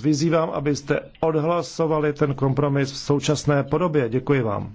vyzývám, abyste odhlasovali ten kompromis v současné podobě. Děkuji vám.